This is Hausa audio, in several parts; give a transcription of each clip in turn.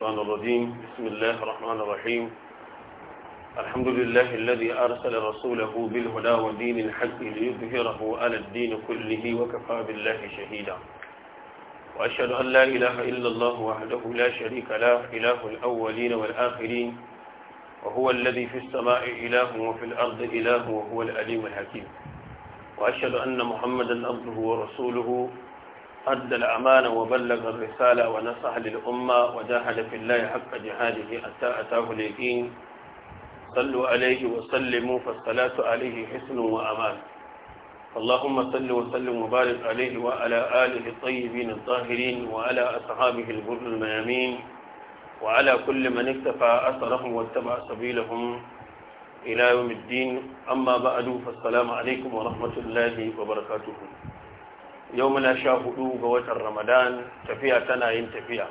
الرحمن الرحيم بسم الله الرحمن الرحيم الحمد لله الذي أرسل رسوله بالهدى ودين الحق ليظهره على الدين كله وكفى بالله شهيدا وأشهد أن لا إله إلا الله وحده لا شريك له إله الأولين والآخرين وهو الذي في السماء إله وفي الأرض إله وهو الأليم الحكيم وأشهد أن محمدا عبده ورسوله أدى الأمانة وبلغ الرسالة ونصح للأمة وجاهد في الله حق جهاده حتى أتاه اليقين صلوا عليه وسلموا فالصلاة عليه حسن وأمان اللهم صل وسلم وبارك عليه وعلى آله الطيبين الطاهرين وعلى أصحابه البر الميامين وعلى كل من اكتفى أثرهم واتبع سبيلهم إلى يوم الدين أما بعد فالسلام عليكم ورحمة الله وبركاته yau muna sha hudu ga watan ramadan tafiya tana yin tafiya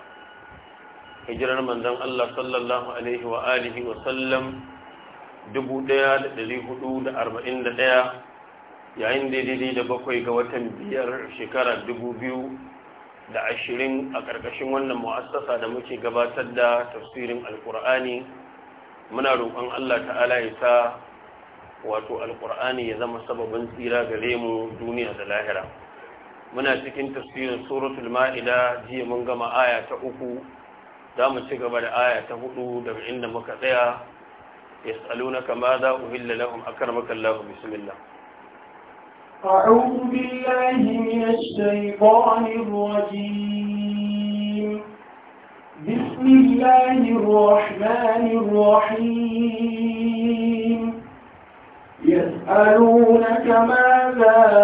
hijirar manzon Allah sallallahu alaihi wa alihi wa sallam 1441 yayin daidai da bakwai ga watan biyar shekara 2020 a ƙarƙashin wannan mu'assasa da muke gabatar da tafsirin alkur'ani muna roƙon Allah ta'ala ya sa wato alkur'ani ya zama sababin tsira gare mu duniya da lahira muna cikin tafsirin suratul ma'ida jiya mun gama aya ta uku za mu ci gaba da aya ta hudu daga inda muka tsaya yas'alunaka kama za uhilla lahum akramaka Allah bismillah أعوذ بالله من الشيطان الرجيم بسم الله الرحمن الرحيم يسألونك ماذا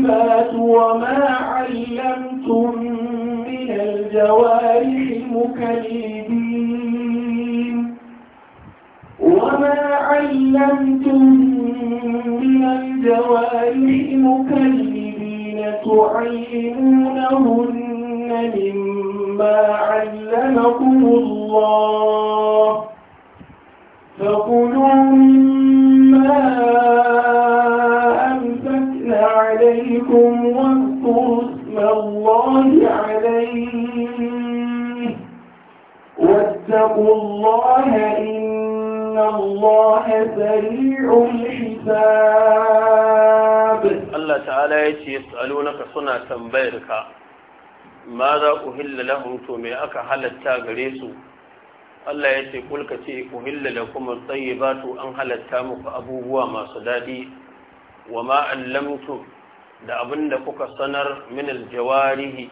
الطيبات وما علمتم من الجوارح مكلبين وما علمتم من الجوارح مكلبين تعلمونهن مما علمكم الله فقلوا واتقوا الله إن الله سريع الحساب الله تعالى يسألونك صنع تنبيرك ماذا أهل لهم تومي أكا حلتا غريسو Allah ya ce kulka ce uhilla lakum at-tayyibatu an halatta muku abubuwa masu daɗi wa ma allamtum da abinda kuka sanar min jawarihi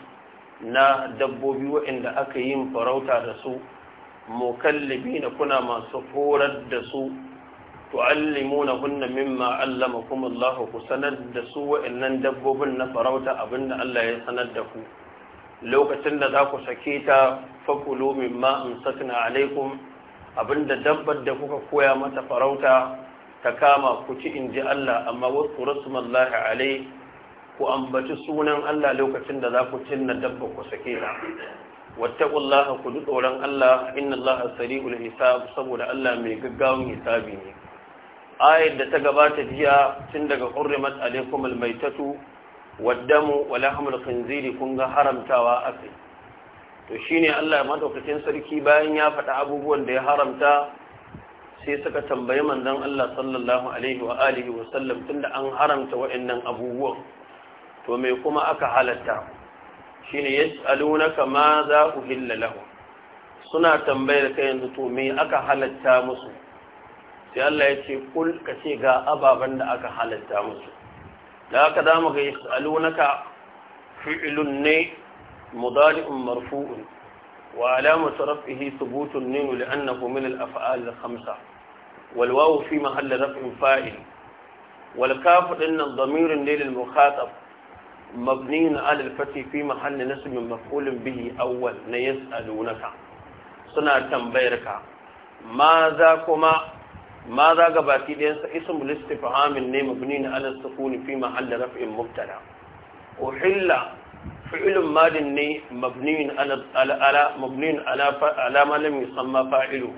na dabbobi waɗanda aka yin farauta da su na kuna masu horar da su na hunna mimma allamakum Allah ku sanar da su wa'annan dabbobin na farauta abinda Allah ya sanar da ku lokacin da za ku sake ta fakulu mimma amsakna alaikum abinda dabbar da kuka koya mata farauta ta kama ku ci in ji Allah amma wasu rasulullahi alai ku ambaci sunan Allah lokacin da za ku cinna dabba ku sake ta واتقوا الله كدو دوران الله إن الله سريع الحساب Allah mai gaggawan hisabi ne. ayar da ta gabata jiya tun daga hurrimat tatu, almaitatu waddamu wa lahmul khinziri kun ga haramtawa akai to shine Allah madaukakin sarki bayan ya faɗa abubuwan da ya haramta sai suka tambayi manzon Allah sallallahu alaihi wa alihi wa sallam tunda an haramta wa'annan abubuwan to me kuma aka halatta shine yas'alunaka ma za uhilla lahu suna tambayar kai yanzu to me aka halatta musu sai Allah ya ce kul ka ce ga ababen da aka halatta musu da aka da mu ga yas'alunaka fi'lun ne mudari'un marfu'un wa alamatu raf'ihi thubutun ninu li'annahu min al-af'al al-khamsa wal wawu fi mahalli raf'in fa'il wal kafu dinnan dhamirin lil mukhatab مبني على الفتح في محل نسب مفعول به أول يسألونك سنة تنبيرك ماذا كما ماذا قباتي دينسا اسم الاستفهام الني مبني على السكون في محل رفع مبتدا أحل فعل ماد ني مبني على على مبني على على ما لم يسمى فاعله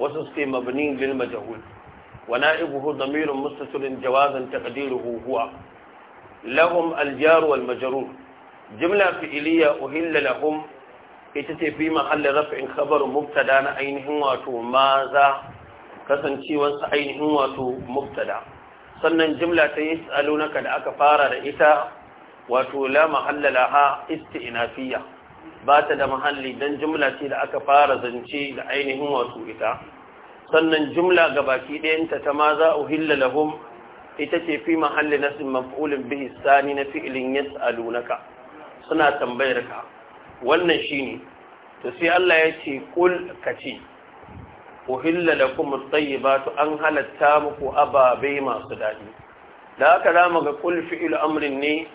وسوسي مبني للمجهول ونائبه ضمير مستتر جوازا تقديره هو lahum aljaru wal jimla fi'iliya uhilla lahum ita ce fi mahallin raf'in kabar mubtada na ainihin wato maza kasancewar sa ainihin wato mubtada sannan jimla ta yas'alunaka da aka fara da ita wato la mahalla laha isti'nafiyya ba ta da mahalli dan jimla ce da aka fara zance da ainihin wato ita sannan jumla ga baki ɗayanta ta maza uhilla lahum ita ce fi mahalli nasin maf'ulin bihi sani na fi'ilin yas'alunaka suna tambayar ka wannan shine to sai Allah ya ce kul kace kuma lakum at-tayyibatu an halatta muku ababe masu dadi da aka rama ga kul fi'il amrin ne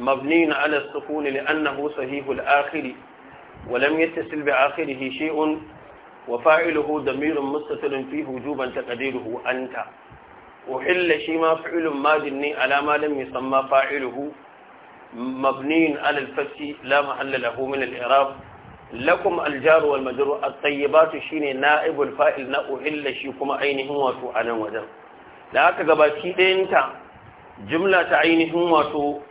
mabni ala sukun li'annahu sahihul akhiri wa lam yattasil bi akhirih shay'un وفاعله ضمير مستتر فيه وجوبا تقديره أنت uhilla shi ma fi'ilun madin ne alama lam yusamma fa'iluhu mabniyin alal fasi la mahalla lahu min al lakum al-jar wal shine na'ibul fa'il na uhilla shi kuma ainihin wato anan wajen da aka gabaci ɗayanta jumla ta ainihin wato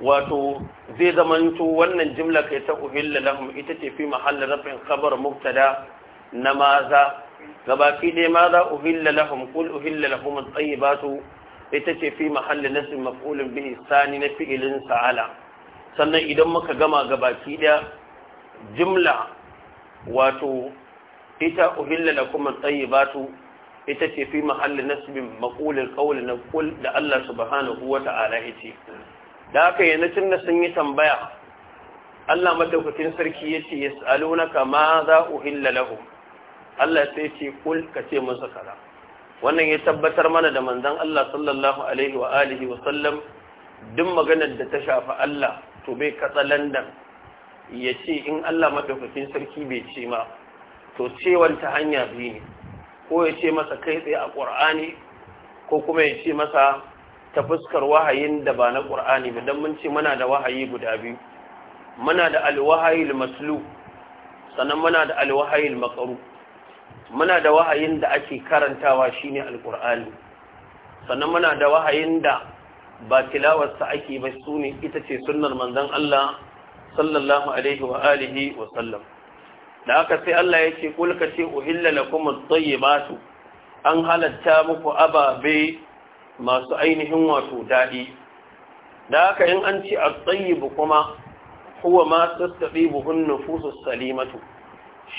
wato zai zamanto wannan jimla kai ta uhilla lahum ita ce fi mahallin rafin khabar mubtada na maza gabaki dai ma za uhilla lahum kul uhilla lahum at-tayyibatu ita ce fi mahalli nasb maf'ulun bihi sani na fi'ilin sa'ala sannan idan muka gama gabaki da jumla wato ita uhilla lakum at-tayyibatu ita ce fi mahalli nasbin maqulil qawl na da Allah subhanahu wata'ala yace da haka yana tun da sun yi tambaya Allah madaukakin sarki yace yasalunaka ma za uhilla lahum Allah sai ce kul ka ce masa kaza wannan ya tabbatar mana da manzon Allah sallallahu alaihi wa alihi wa sallam duk maganar da ta shafi Allah to bai katsalandan ya ce in Allah madaukakin sarki bai ce ma to cewan ta hanya biyu ne ko ya ce masa kai tsaye a ƙur'ani ko kuma ya ce masa ta fuskar wahayin da ba na ƙur'ani ba dan mun ce muna da wahayi guda biyu muna da alwahayil maslu sannan muna da alwahayil makaru muna da wahayin da ake karantawa shine alkur'ani sannan muna da wahayin da ba tilawarsa ake ba sune ita ce sunnar manzon Allah sallallahu alaihi wa alihi wa sallam da aka sai Allah ya ce kulka ce uhilla lakum at-tayyibatu an halatta muku ababe masu ainihin wato daɗi da haka in an ci a tsayibu kuma huwa ma sassaɓi buhun nufusus salimatu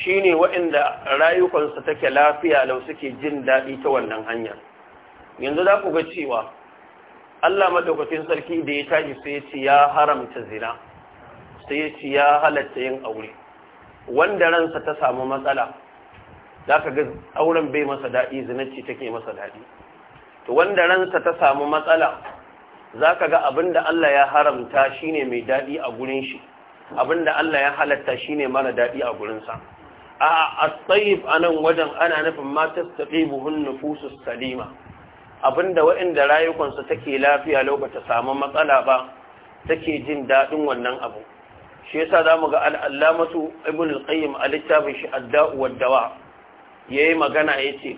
shine waɗanda rayukansu take lafiya lau suke jin daɗi ta wannan hanyar yanzu za ku ga cewa Allah madaukakin sarki da ya tashi sai ya ce ya haramta zina sai ya ce ya halatta yin aure wanda ransa ta samu matsala za ka ga auren bai masa daɗi zinacci take masa daɗi to wanda ransa ta samu matsala za ka ga abinda Allah ya haramta shine mai daɗi a gurin shi abinda Allah ya halatta shine mara daɗi a gurinsa a tsayif a nan wajen ana nufin matas taƙi buhun nufusus salima abinda waɗanda rayukansu take lafiya lokacin samu matsala ba take jin daɗin wannan abu shi yasa za mu ga al'allamatu ibn al-qayyim a littafin shi adda'u waddawa ya yi magana ya ce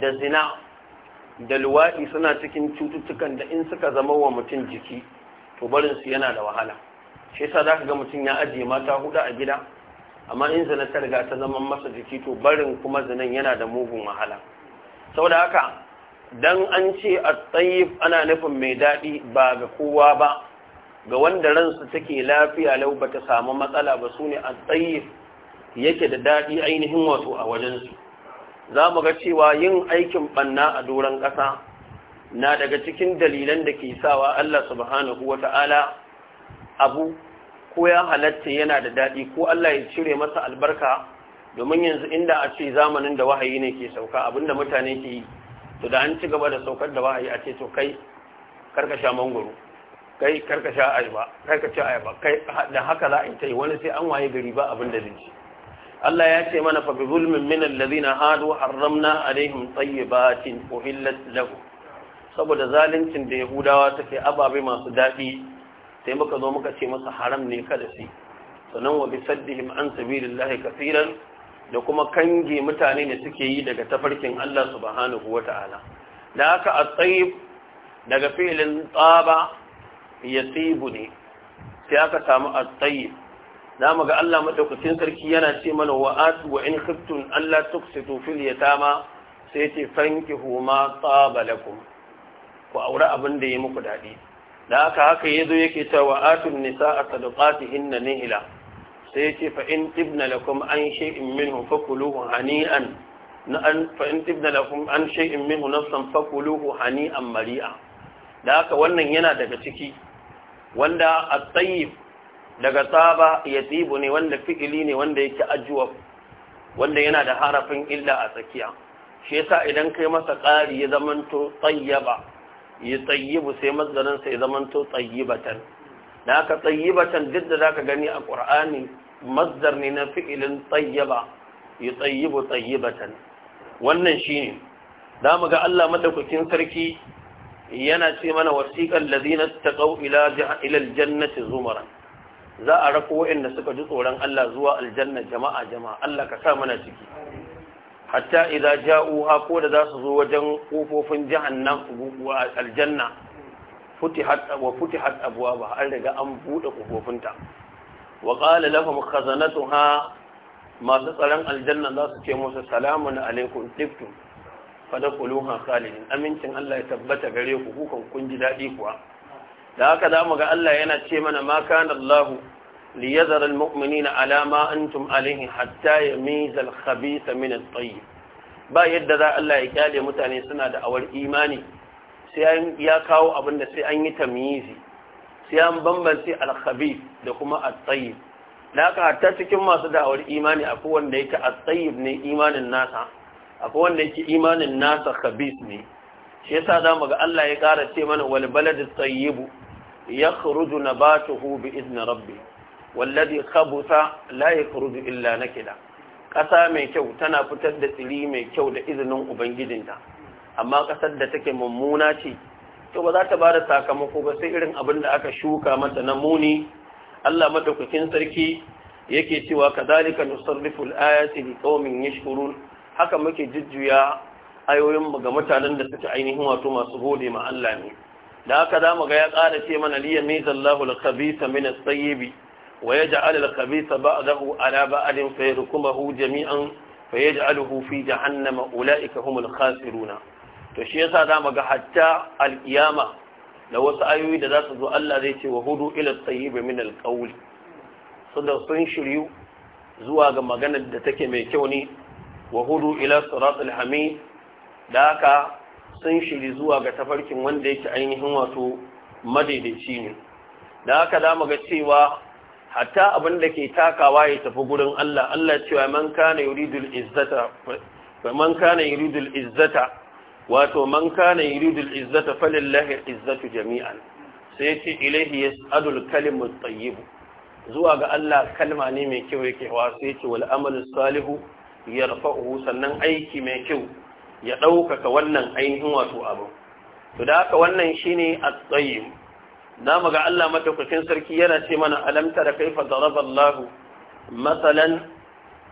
da zina da luwaɗi suna cikin cututtukan da in suka zama wa mutum jiki to barinsu yana da wahala shi yasa za ka ga mutum ya ajiye mata hudu a gida amma in zina ta riga ta zama masa jiki to barin kuma zinan yana da mugun wahala saboda haka dan an ce a tsayif ana nufin mai daɗi ba ga kowa ba ga wanda ransu take lafiya lau ba ta samu matsala ba su ne a tsayif yake da daɗi ainihin wato a wajensu za mu ga cewa yin aikin ɓanna a doron ƙasa na daga cikin dalilan da ke sawa Allah subhanahu wa ta'ala abu ko ya halatta yana da daɗi ko Allah ya cire masa albarka domin yanzu inda a ce zamanin da wahayi ne ke sauka abinda mutane ke yi to da an ci gaba da saukar da wahayi a ce to kai karkasha mangoro kai karkasha ayaba karkasha ayaba kai da haka za a yi ta yi wani sai an waye gari ba abin da zai ci Allah ya ce mana fa bi zulmin min alladhina hadu harramna alaihim tayyibatin uhillat lahum saboda zaluncin da yahudawa take ababe masu dadi. sai muka zo muka ce masa haram ne kada su sannan wa bisaddihim an sabilillahi kafiran da kuma kange mutane ne suke yi daga tafarkin Allah subhanahu wata'ala da haka at-tayyib daga fi'lin tsaba yasibu ne sai aka samu at-tayyib zamu ga Allah madaukakin sarki yana ce mana wa atu wa in khiftum alla tuksitu fil yatama sai ce fankihu ma tsaba lakum ku aure abin da ya muku dadi da aka haka ya zo yake cewa atun nisa a sadukati hinna nihila sai yake fa'in tibna lakum an shi'in minhu fakuluhu hani'an na an fa'in tibna lakum an shi'in minhu nafsan fakuluhu hani'an mari'a da aka wannan yana daga ciki wanda a tsayif daga tsaba ya ne wanda fi'ili ne wanda yake ajuwa wanda yana da harafin illa a tsakiya shi yasa idan kai masa ƙari ya zamanto tsayyaba yi tsayyibu sai mazdarinsa ya zamanto tsayyibatan da aka tsayyibatan duk da zaka gani a ƙur'ani mazdar ne na fi'ilin tsayyaba yi tsayyibu tsayyibatan wannan shine za mu ga Allah madaukakin sarki yana ce mana wasiqal ladina taqaw ila ila aljannati zumaran za a rako waɗanda suka ji tsoron Allah zuwa aljanna jama'a jama'a Allah ka sa mana ciki hatta idza ja'uha ko da zasu zo wajen kofofin jahannam wa aljanna futihat wa futihat abwaaba an riga an bude kofofinta wa qala lahum khazanatuha masu tsaron aljanna zasu ce musu salamu alaikum tiftum kuluha khalidin amincin Allah ya tabbata gare ku kun ji dadi kuwa da haka zamu ga Allah yana ce mana ma kana Allahu ليذر المؤمنين على ما أنتم عليه حتى يميز الخبيث من ba yadda za Allah ya kyale mutane suna da awar imani sai ya kawo abin da sai anyi yi tamyizi sai an bambanci al da kuma at-tayyib da haka hatta cikin masu da'awar imani akwai wanda yake at-tayyib ne imanin nasa akwai wanda yake imanin nasa khabith ne shi yasa zamu ga Allah ya ƙara ce mana wal baladu at-tayyib na nabatuhu bi idni rabbi. wallazi khabutha la yakhruju illa nakida ƙasa mai kyau tana fitar da tsiri mai kyau da izinin ubangijinta amma ƙasar da take mummuna ce to ba za ta bada sakamako ba sai irin abin da aka shuka mata na muni Allah madaukakin sarki yake cewa kadhalika nusarriful ayati liqaumin yashkurun haka muke jujjuya ayoyin ga mutanen da suke ainihin wato masu gode ma Allah ne da haka zamu ga ya ƙara ce mana liya mizallahu al-khabitha min as-sayyibi ويجعل الخبيث بعده على بعد فيركمه جميعا فيجعله في جهنم أولئك هم الخاسرون تشيسا دام حتى القيامة لو سأيوي داس ذو الله ذي وهدوا إلى الطيب من القول صدق سنشريو زواج مغانا دتك ميكوني وهدو إلى صراط الحميد داكا سنشري زواج تفرك من ديك عينهم وتو مدي ديشيني داكا دام قد سيوا hatta abin da ke takawa ya tafi gurin Allah Allah cewa man kana yuridul izzata man kana yuridul izzata wato man kana yuridul izzata falillahi izzatu jami'an sai ya ce ilaihi yas'adul kalimu tayyib zuwa ga Allah kalma ne mai kyau yake wa sai ce wal amalu salihu uku sannan aiki mai kyau ya ɗaukaka wannan ainihin wato abu to da wannan shine at-tayyib za mu ga Allah madaukakin sarki yana ce mana alamta da kaifa matsalan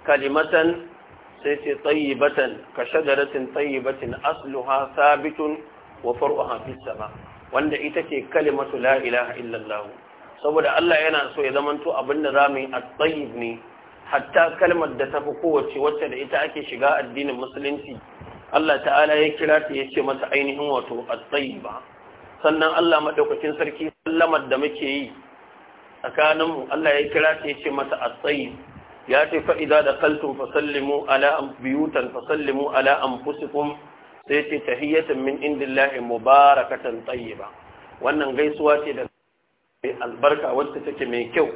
kalimatan sai ce tsayibatan ka shajaratin tsayibatin asluha sabitun wa far'uha fis sama wanda ita ce kalimatu la ilaha illallahu. saboda Allah yana so ya zamanto abinda mu yi at-tayyib ne hatta kalmar da tafi kowace wacce da ita ake shiga addinin musulunci Allah ta'ala ya kira ta ya ce mata ainihin wato at ba. sannan Allah madaukakin sarki sallamar da muke yi tsakaninmu Allah ya kira ta yace mata atsayi ya ce fa da kaltun fasallimu ala biyutan fasallimu ala anfusikum sai ce tahiyatan min indillahi mubarakatan ba. wannan gaisuwa ce da albarka wacce take mai kyau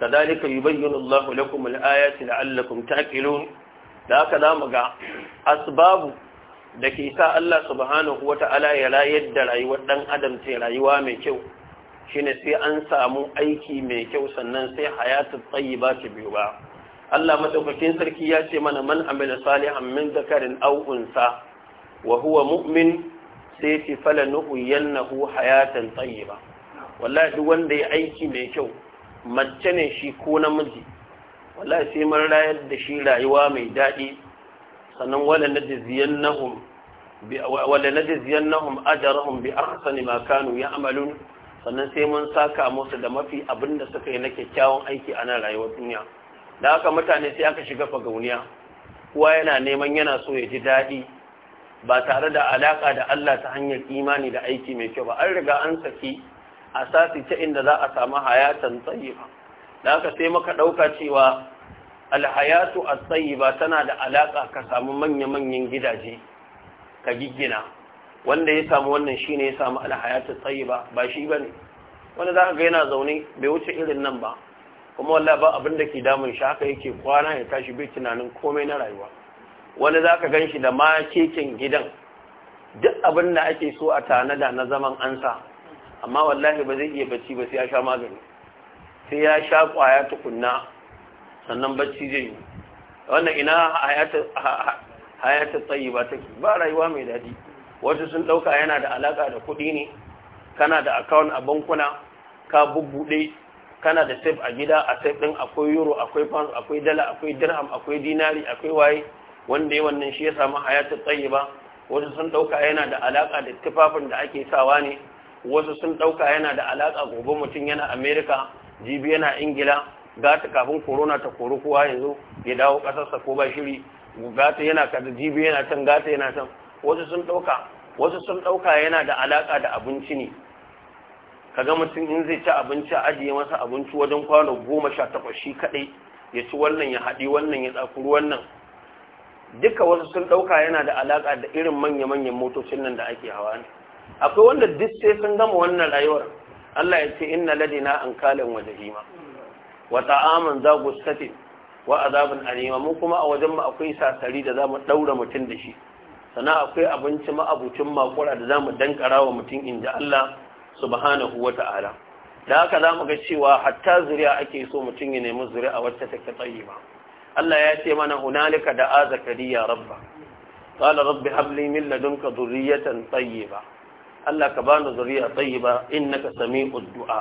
yi yubayyinu yi lakum al-ayati la'allakum taqilun da haka zamu ga asbabu da ke sa Allah subhanahu wa ta'ala ya rayar da rayuwar ɗan adam ce rayuwa mai kyau shine sai an samu aiki mai kyau sannan sai hayatu ba ta biyu ba Allah madaukakin sarki ya ce mana man amila salihan min zakarin au'unsa, unsa wa huwa mu'min sai ce fala nuhyiyannahu hayatan ba. wallahi duk wanda ya aiki mai kyau mace ne shi ko namiji wallahi sai mun rayar da shi rayuwa mai daɗi sannan wala najziyannahum bi wala najziyannahum ajrahum bi ahsani ma kanu ya'malun sannan sai mun saka musu da mafi abinda suka yi na kyakkyawan aiki a nan rayuwar duniya da haka mutane sai aka shiga fagauniya kowa yana neman yana so ya ji daɗi ba tare da alaƙa da Allah ta hanyar imani da aiki mai kyau ba an riga an saki a sati ta inda za a samu hayatan tsayifa da haka sai muka ɗauka cewa alhayatu as ba tana da alaka ka samu manya-manyan gidaje ka giggina wanda ya samu wannan shine ya samu alhayatu as-tayyiba ba shi bane wanda za ka ga yana zaune bai wuce irin nan ba kuma wallahi ba abin da ke damun shi haka yake kwana ya tashi bai tunanin komai na rayuwa wani za ka gan shi da ma keken gidan duk abin da ake so a tanada na zaman ansa amma wallahi ba zai iya bacci ba sai ya sha magani sai ya sha kwaya tukunna sannan bacci zai yi wannan ina hayatar tsayi ba take ba rayuwa mai daɗi wasu sun ɗauka yana da alaƙa da kuɗi ne kana da akawun a bankuna ka bubbuɗe kana da safe a gida a safe ɗin akwai euro akwai pound akwai dala akwai dirham akwai dinari akwai waye wanda wannan shi ya samu hayatar tsayi ba wasu sun ɗauka yana da alaƙa da tufafin da ake sawa ne wasu sun ɗauka yana da alaƙa gobe mutum yana amerika jibi yana ingila gata kafin corona ta kori kowa yanzu ya dawo kasarsa ko ba shiri ta yana kada jibi yana can gata yana can wasu sun ɗauka wasu sun dauka yana da alaƙa da abinci ne kaga mutum in zai ci abinci a ajiye masa abinci wajen kwano goma sha takwas shi kaɗai ya ci wannan ya haɗi wannan ya tsakuri wannan duka wasu sun ɗauka yana da alaka da irin manya-manyan motocin nan da ake hawa ne akwai wanda duk sai sun gama wannan rayuwar Allah ya ce inna ladina an kalan wa jahima Wata aman za gustatin wa azabin alima mu kuma a wajen mu akwai sasari da zamu ɗaura mutum da shi sannan akwai abinci ma'abucin makura da zamu dankara wa mutum inda Allah subhanahu Ta'ala. da haka zamu ga cewa hatta zuriya ake so mutum ya nemi zuri'a wacce take tayyiba Allah ya ce mana hunalika da azakariya rabba qala rabbi hab li min ladunka dhurriyatan tayyiba Allah ka bani in na ka sami du'a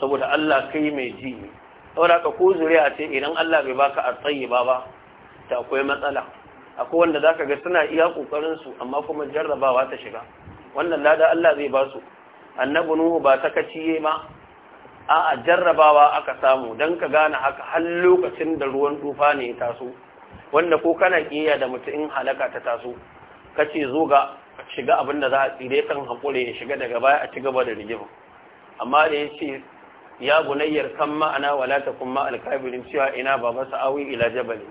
saboda Allah kai mai ji ne saboda ka ko zuriya ce idan Allah bai baka a tsayiba ba ta akwai matsala akwai wanda zaka ga suna iya kokarin su amma kuma jarrabawa ta shiga wannan lada Allah zai ba su annabi nuhu ba ta kaciye ma a jarrabawa aka samu dan ka gane haka har lokacin da ruwan tufa ne ya taso wanda ko kana kiyaya da mutum in halaka ta taso kace zo ga shiga abin da za a tsire kan hakuri ya shiga daga baya a ci gaba da rigima amma da yace ya bunayyar kan ma'ana wala ta kuma alkabirin cewa ina baba sa'awi ila jabali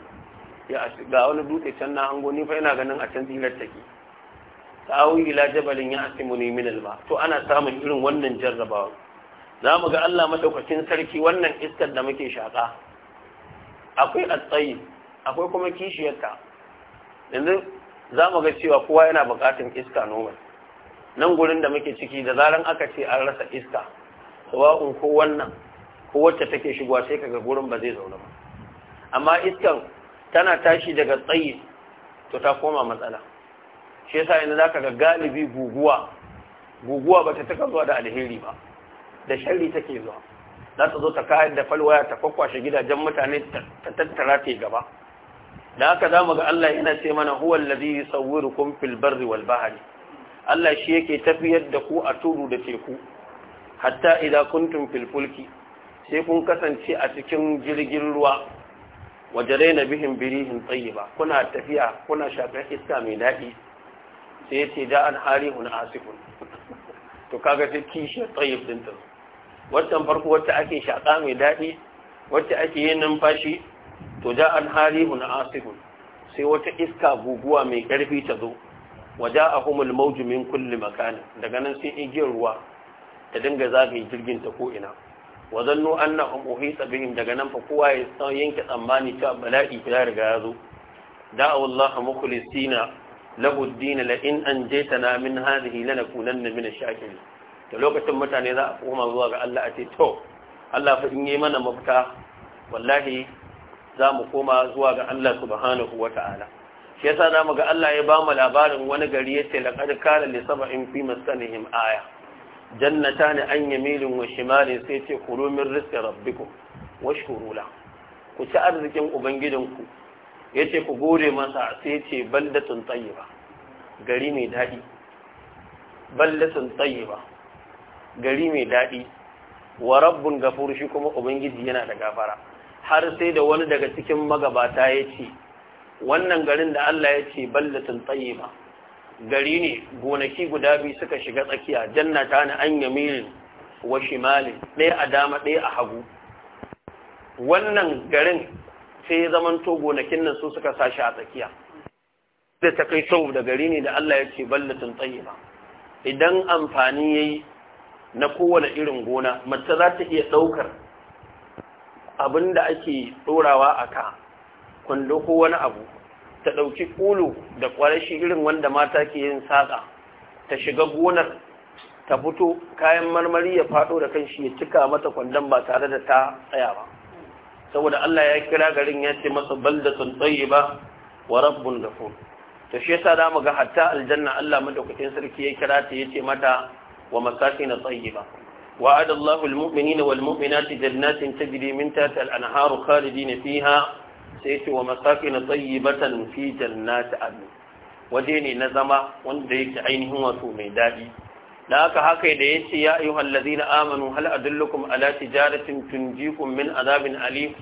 ya ga wani dutse can na hango ni fa ina ganin a can zilar take sa'awi ila jabalin ya ne min alba to ana samun irin wannan jarrabawa za mu ga Allah madaukakin sarki wannan iskar da muke shaka akwai atsayi akwai kuma kishiyarta yanzu za mu ga cewa kowa yana bukatun iska nomal nan gurin da muke ciki da zaran aka ce an rasa iska sawa'un ko wannan ko wacce take shigowa sai kaga gurin ba zai zauna ba amma iskan tana tashi daga tsayi to ta koma matsala shi yasa yanzu zaka ga galibi guguwa guguwa ba ta taka zuwa da alheri ba da sharri take zuwa za ta zo ta kayar da falwaya ta kwakwashe gidajen mutane ta tattara ta gaba da haka za mu ga Allah yana ce mana huwa allazi yusawwirukum fil barri wal bahri Allah shi yake tafiyar da ku a tudu da teku hatta idan kuntum fil fulki sai kun kasance a cikin jirgin ruwa wajare na bihin birihin ba kuna tafiya kuna shafin iska mai daɗi sai ya ce da an harihun asifun to kaga sai kishi tsayib din ta wancan farko wacce ake shaƙa mai daɗi wacce ake yin numfashi to da an hari harihun asifun sai wata iska guguwa mai ƙarfi ta zo waja a humul maujumin kulli makani daga nan sai igiyar ruwa ta dinga zagaye jirgin ta ko'ina. ina wa zannu annahum uhita bihim daga nan fa kowa ya san yanke tsammani cewa bala'i ya riga ya zo da wallahi mukhlisina lahu ad-din la in anjaytana min hadhihi lanakunanna min ash-shakirin da lokacin mutane za a koma zuwa ga Allah a ce to Allah fa in yi mana mafita wallahi za mu koma zuwa ga Allah subhanahu wata'ala shi yasa mu ga Allah ya ba mu labarin wani gari yace laqad kana li sab'in fi masanihim aya jannata ne an yamilin wa shimalin sai ce kulu min rizqi rabbikum washkuru la ku ci arzikin Ya yace ku gode masa sai ce baldatun tayyiba gari mai daɗi baldatun tayyiba gari mai daɗi wa rabbun gafur shi kuma ubangiji yana da gafara har sai da wani daga cikin magabata ya ce wannan garin da Allah ya ce ballatun tayyiba gari ne gonaki guda biyu suka shiga tsakiya jannata na an yamirin wa shimali ɗaya a dama ɗaya a hagu wannan garin sai ya zamanto gonakin nan su suka sashi a tsakiya da ta kai sau da gari ne da Allah ya ce ballatin tsayiba idan amfani ya yi na kowane irin gona mace za ta iya ɗaukar abin da ake ɗorawa a ka kwando ko wani abu ta ɗauki ƙulu da shi irin wanda mata ke yin saƙa ta shiga gonar ta fito kayan marmari ya faɗo da kanshi ya cika mata kwandon ba tare da ta tsaya ba saboda Allah ya kira garin ya ce masa tsaye ba wa rabbun fun ta shi yasa da ga hatta aljanna Allah madaukakin sarki ya kira ta yace mata wa masakin ba wa adallahu almu'minina walmu'minati jannatin tajri min tahtiha al-anharu khalidina fiha sai ce wa na tayyibatan fi ta adn waje ne na zama wanda yake ainihin wato mai daɗi da haka haka da yace ya ayyuhal ladina amanu hal adullukum ala tijaratin tunjikum min azabin alim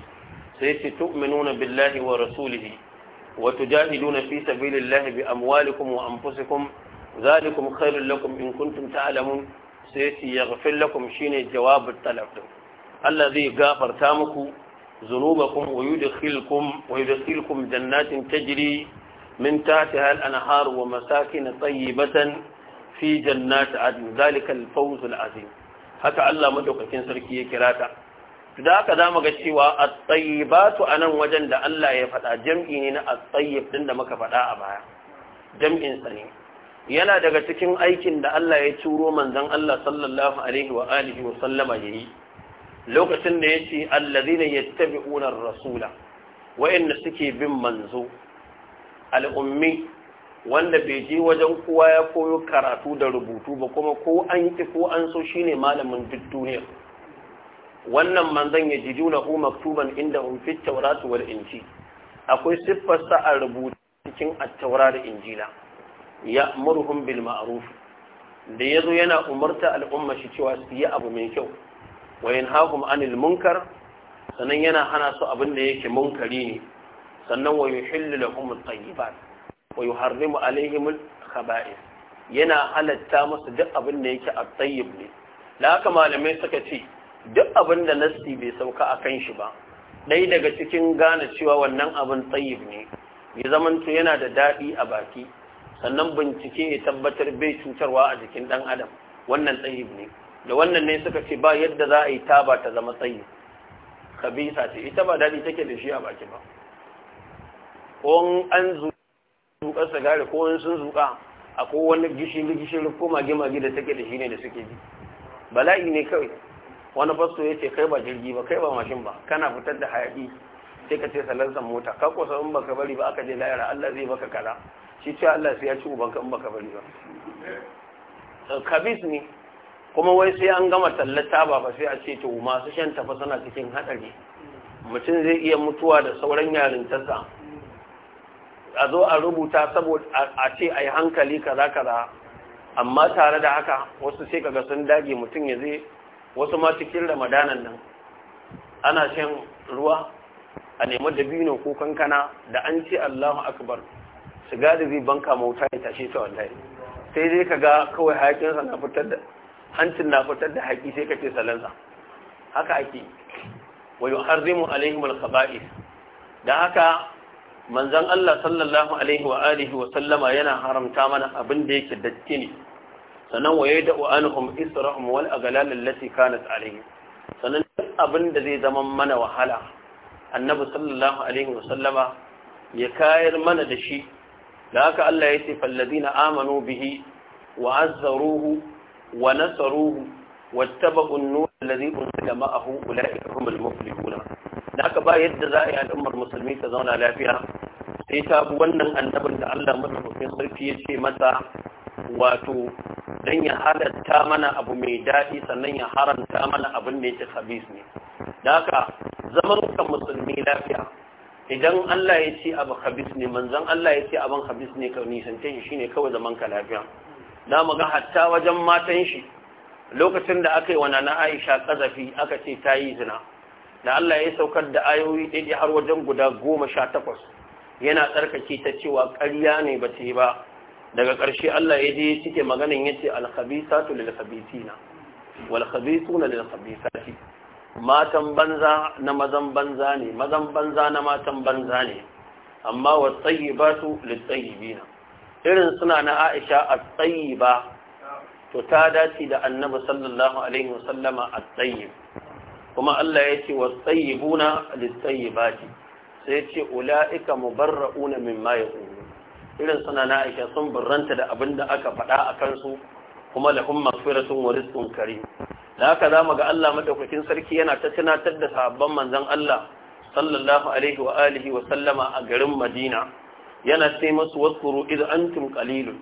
sai yace tu'minuna billahi wa rasulihi wa na fi sabilillahi bi amwalikum wa anfusikum zalikum khairul lakum in kuntum ta'lamun sai yace yaghfir lakum shine jawabut talab Allah zai gafarta muku ذنوبكم ويدخلكم ويدخلكم جنات تجري من تحتها الأنهار ومساكن طيبة في جنات عدن ذلك الفوز العظيم haka Allah madaukakin sarki ya kira ta da haka zamu ga cewa a su a nan wajen da Allah ya faɗa jam'i ne na a tayyib din da muka faɗa a baya Jam'insa ne yana daga cikin aikin da Allah ya turo manzan Allah sallallahu alaihi wa alihi wa sallama ya yi. lokacin da ya ce allazina unar rasula wa'anda suke bin manzo al'ummi wanda bai je wajen kowa ya koyo karatu da rubutu ba kuma ko an yi ko an so shine malamin duk duniya wannan manzon ya jijuna hu maktuban inda hum fi tawrat wal inci. akwai siffar sa a rubutu cikin at-taura da injila ya'muruhum bil ma'ruf da zo yana umarta al'umma shi cewa su yi abu mai kyau wa yanhahum anil munkar sannan yana hana su abin da yake munkari ne sannan wa yuhillu lahum at-tayyibat wa yuharrimu alaihim al yana halatta musu duk abin da yake at-tayyib ne da haka malamai suka ce duk abin da nasti bai sauka a kan shi ba dai daga cikin gane cewa wannan abin tsayib ne ya zamanto yana da daɗi a baki sannan bincike ya tabbatar bai cutarwa a jikin ɗan adam wannan tsayib ne da wannan ne suka ce ba yadda za a yi taba ta zama tsayi kabisa ce ita ba daɗi take da shi a baki ba ko an zuƙa sigari ko wani sun zuƙa a ko wani gishiri gishiri ko mage mage da take da shi ne da suke ji bala'i ne kawai wani fasto ya ce kai ba jirgi ba kai ba mashin ba kana fitar da hayaƙi sai ka ce salansan mota ka kusa in baka bari ba aka je layara Allah zai baka kaza shi ce Allah sai ya ci ubanka in baka bari ba kabis ne kuma wai sai an gama tallata ba fa sai a ce to masu shan tafa suna cikin haɗari mutum zai iya mutuwa da sauran yarintarsa a zo a rubuta saboda a ce a yi hankali kaza kaza amma tare da haka wasu sai kaga sun dage mutum ya zai wasu ma cikin ramadanan nan ana shan ruwa a nemi dabino ko kankana da an ce Allahu akbar shiga da zai banka mauta ya tashe ta wallahi sai dai kaga kawai hayakinsa na fitar da hancin na fitar da haƙi sai ka ce salansa haka ake wa yuharrimu alaihim al-khaba'ith Da haka manzan Allah sallallahu alaihi wa alihi wa sallama yana haramta mana abin da yake datti ne sannan wa da anhum israhum wal aghlal allati kanat alaihim sannan abin da zai zama mana wahala annabi sallallahu alaihi wa sallama ya kayar mana da shi da haka Allah ya ce falladina amanu bihi wa azzaruhu wa nasaruhu wattaba'u an-nur alladhi unzila ma'ahu ulaika humul muflihun haka ba yadda za a yi al'ummar musulmi ta zauna lafiya sai ta bi wannan annabin da Allah madaukakin sarki ya ce masa wato dan ya halatta mana abu mai daɗi sannan ya haranta mana abin da yake khabis ne da zaman ka musulmi lafiya idan Allah ya ce abu habis ne manzon Allah ya ce abin habis ne ka nisance shi shine kawai zaman ka lafiya Na mu ga hatta wajen matan shi lokacin da aka yi wa Nana Aisha kazafi aka ce ta yi zina da Allah ya saukar da ayoyi ɗaya har wajen guda goma sha takwas yana tsarkake ta cewa ƙarya ne ba ta yi ba daga ƙarshe Allah ya je cike maganin ya ce alkhabisatu lil khabitina wal khabisuna lil khabisati matan banza na mazan banza ne mazan banza na matan banza ne amma wa tsayyibatu lit tsayyibina irin suna na aisha a tsayi ba to ta dace da annabi sallallahu alaihi wasallama a tsayi kuma Allah ya ce wa tsayi buna da tsayi ba ce sai ce ula'ika ra'una min ma ya irin suna na aisha sun burranta da abin da aka faɗa a kansu kuma kuma firatun wa rizqun kare da haka mu ga Allah madaukakin sarki yana ta tunatar da sahabban manzan Allah sallallahu alaihi wa alihi wa sallama a garin Madina yana sai masu waskuru idan antum qalilun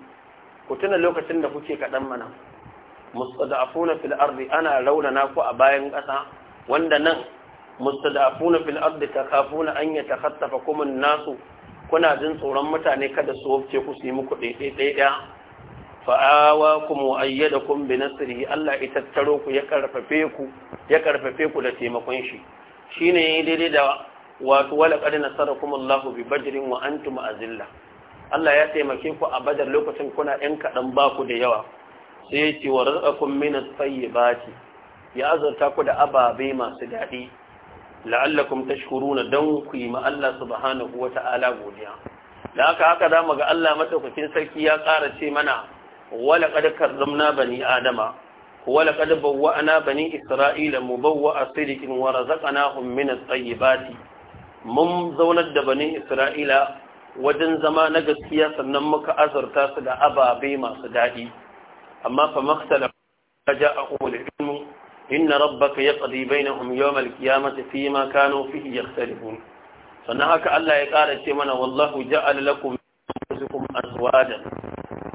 ku tuna lokacin da kuke kaɗan mana mustada'afuna fil ardi ana raunana ku a bayan ƙasa wanda nan mustada'afuna ta ardi takafuna an yatakhatafa kum kuma nasu kuna jin tsoron mutane kada su wafce ku su yi muku ɗaiɗaiɗaya fa'awakum wa ayyadakum bi nasrihi Allah ya tattaro ku ya karfafe ku ya karfafe ku da taimakon shi shine daidai da wato wala kuma nasarakumullahu bi badrin wa antum azilla Allah ya taimake ku a badar lokacin kuna ɗan kaɗan ba ku da yawa sai ya ce wa razaqakum min at-tayyibati ya azurta ku da ababe masu daɗi la'allakum tashkuruna dan ku yi ma Allah subhanahu Ta'ala godiya da haka haka zamu ga Allah madaukakin sarki ya ƙara ce mana wala qad karramna bani adama wala qad bawwa'na bani isra'ila mubawwa'a sidqin wa razaqnahum min at-tayyibati mun zaunar da bani isra'ila wajen zama na gaskiya sannan muka azurta su da ababe masu daɗi amma fa maktala ja a ƙoli ilmu inna rabbaka ya tsadi bai na humyom alkiyamata fi ma kano fihi ya tsarihun sannan haka Allah ya ƙara ce mana wallahu ja'ala lakum anfusikum azwajan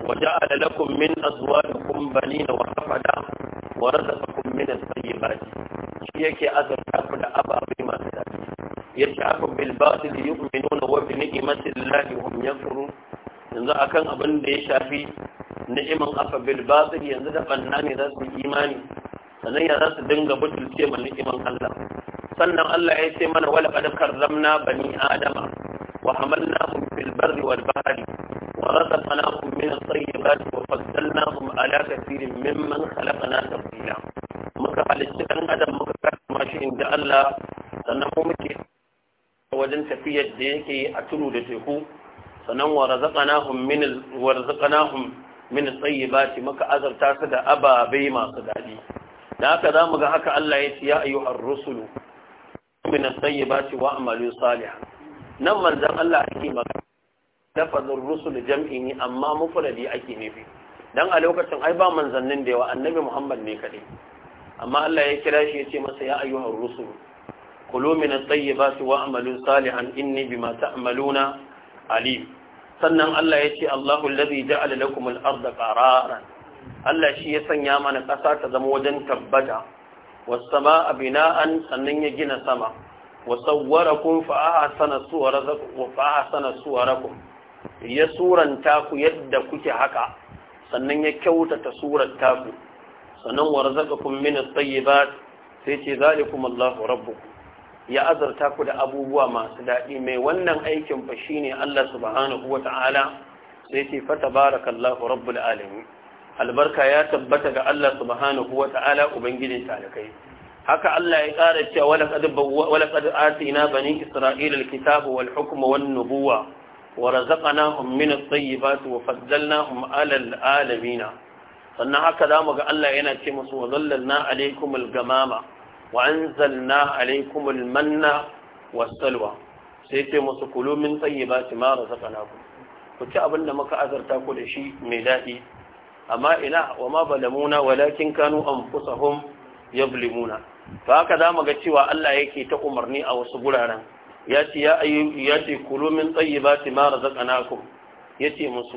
wa ja'ala lakum min azwajikum banina wa hafada wa razaqakum min at-tayyibat shi yake azurta ku da ababe masu daɗi yash'abu bil batil yu'minuna wa bi ni'mati hum yakfurun yanzu akan abin da ya shafi ni'iman afa bil batil yanzu da banna ne za su imani sannan ya za su dinga butulce ma ni'iman Allah sannan Allah ya ce mana wala qad karramna bani adama wa hamalnahum fil barri wal bahri ورزقناهم من الطيبات وفضلناهم على كثير ممن خلقنا تفضيلا adam على الشكل هذا مكة Allah Sannan mu سنقوم wajen tafiyar da yake a tudu da teku sannan wa razaqnahum min wa razaqnahum min tayyibati maka azarta su da ababai masu dadi da haka zamu ga haka Allah ya ce ya ayyuhar rusulu min tayyibati wa amalu salihan nan manzon Allah ake magana lafazin rusul jam'i ne amma mufradi ake nufi dan a lokacin ai ba manzannin da yawa annabi Muhammad ne kadai amma Allah ya kira shi ya ce masa ya ayyuhar rusulu kulu min at-tayyibati wa'malu salihan inni mata amaluna, alim sannan Allah ya ce Allahu alladhi ja'ala lakum al-ardha qararan Allah shi ya sanya mana ƙasa ta zama wajen tabbata Wasu was a bina'an sannan ya gina sama Wasu sawwarakum fa ahsana suwarakum wa fa ahsana suwarakum ya suranta ku yadda kuke haka sannan ya kyautata suranta ku. sannan warzaqakum min tsaye ba sai ce zalikum Allahu rabbukum ya azarta ku da abubuwa masu daɗi mai wannan aikin fa shine Allah subhanahu wata'ala sai ce fa tabarakallahu rabbul alamin albarka ya tabbata ga Allah subhanahu wata'ala ubangijin talakai haka Allah ya ƙara cewa wala qad atina bani isra'ila alkitaba wal hukma wan nubuwa wa razaqnahum min at-tayyibati wa faddalnahum 'ala alamin sannan haka zamu ga Allah yana ce musu wa zallalna alaykum al-gamama wa anzalna alaikum almanna wassalwa sai ce musu kulu min tayyibati ma razaqnakum ku ci abin da muka azarta ku da shi mai daɗi amma ina wa ma balamuna walakin kanu anfusahum yablimuna to haka zamu ga cewa Allah yake ta umarni a wasu guraren ya ce ya ayu ya ce kulu min tayyibati ma musu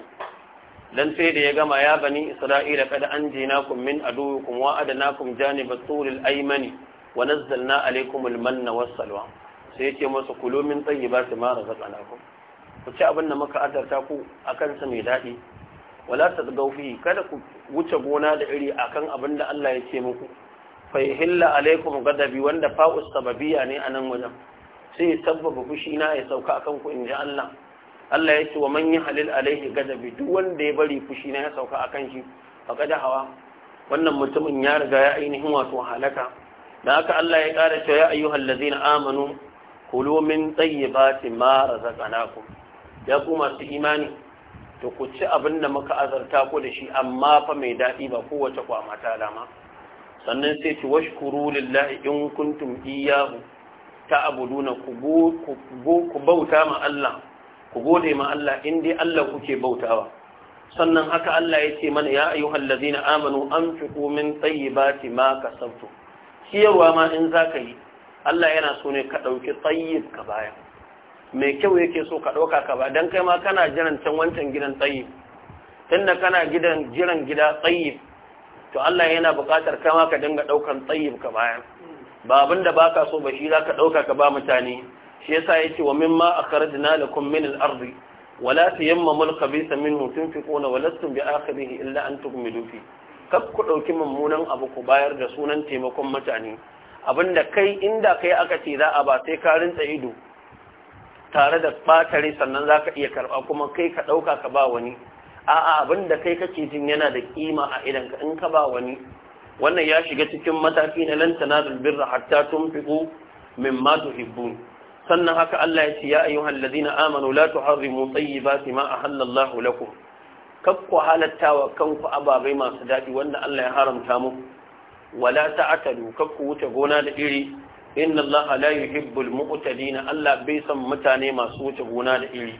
dan sai da ya gama ya bani isra'ila kada anjinakum min aduwikum wa adanakum janibat turil aymani wa nazzalna al-manna was-salwa sai yace masa kulu min tayyibati ma razaqnakum ku ci abin da muka adarta ku akan sa mai dadi wala tadgaw fi kada ku wuce gona da iri akan abin da Allah ya muku fa yahilla alaikum ghadabi wanda fau sababiyya ne anan wajen sai ya sabbaba fushi na ya sauka akan ku inji Allah Allah ya wa man yi alayhi gadabi duk wanda ya bari fushi na ya sauka akan shi faqad hawa wannan mutumin ya riga ya ainihin wato halaka da aka Allah ya ƙara cewa ya ayyuhal ladzina amanu kulu min tayyibati ma razaqnakum ya kuma su imani to ku ci abin da muka azarta ku da shi amma fa mai daɗi ba kowace kwa mata dama sannan sai ci washkuru lillahi in kuntum iyyahu ta'buduna ku ku bauta ma Allah ku gode ma Allah in dai Allah kuke bautawa sannan haka Allah ya ce mana ya ayyuhal ladzina amanu anfiqu min tayyibati ma kasabtum kiyarwa ma in za ka yi Allah yana so ne ka ɗauki tsayib ka baya mai kyau yake so ka ɗauka ka ba don kai ma kana jiran can wancan gidan tsayib tunda kana gidan jiran gida tsayib to Allah yana buƙatar kama ka dinga ɗaukan tsayib ka baya ba abin da baka so ba shi za ka ɗauka ka ba mutane shi yasa ya ce wa min ma a yamma akhrajna lakum min al-ardi fi ƙona wala sun bi aka bihi illa an تغمدوا dufi. kak ku ɗauki mummunan abu ku bayar da sunan taimakon mutane abinda kai inda kai aka ce za a ba sai ka rinsa tare da ɓatare sannan za ka iya karɓa kuma kai ka ɗauka ka ba wani a'a abinda kai kake jin yana da ƙima a idan ka in ka ba wani wannan ya shiga cikin mataki na lan tanadul birra hatta tunfiqu mimma tuhibbun sannan haka Allah ya ce ya ayyuhal ladina amanu la tuharrimu tayyibati ma a Allahu lakum kakku halatta wa kanku ababai masu daɗi wanda Allah ya haramta mu wala ta'tadu kakku wuce gona da iri inna Allah la yuhibbul mu'tadin Allah bai san mutane masu wuce gona da iri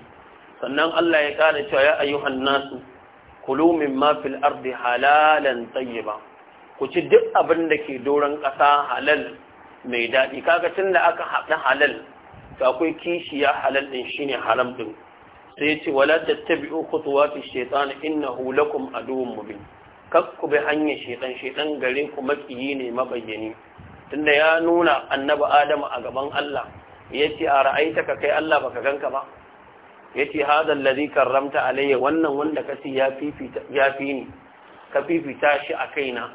sannan Allah ya kada cewa ya ayyuhan nasu kulu mimma fil ardi halalan tayyiba ku ci duk abin da ke doron ƙasa halal mai daɗi kaga tun da aka haɗa halal to akwai kishiya halal din shine haram ɗin sai ya ce wala tattabi'u khutuwati shaytan innahu lakum aduwwun mubin kakku bi hanyar shaytan shaytan gare ku makiyi ne mabayyani tunda ya nuna annabi adamu a gaban Allah yace a ra'aitaka kai Allah baka ganka ba yace hadha alladhi karramta alayya wannan wanda kasi ya fifita ya fi ni ka fifita shi a kaina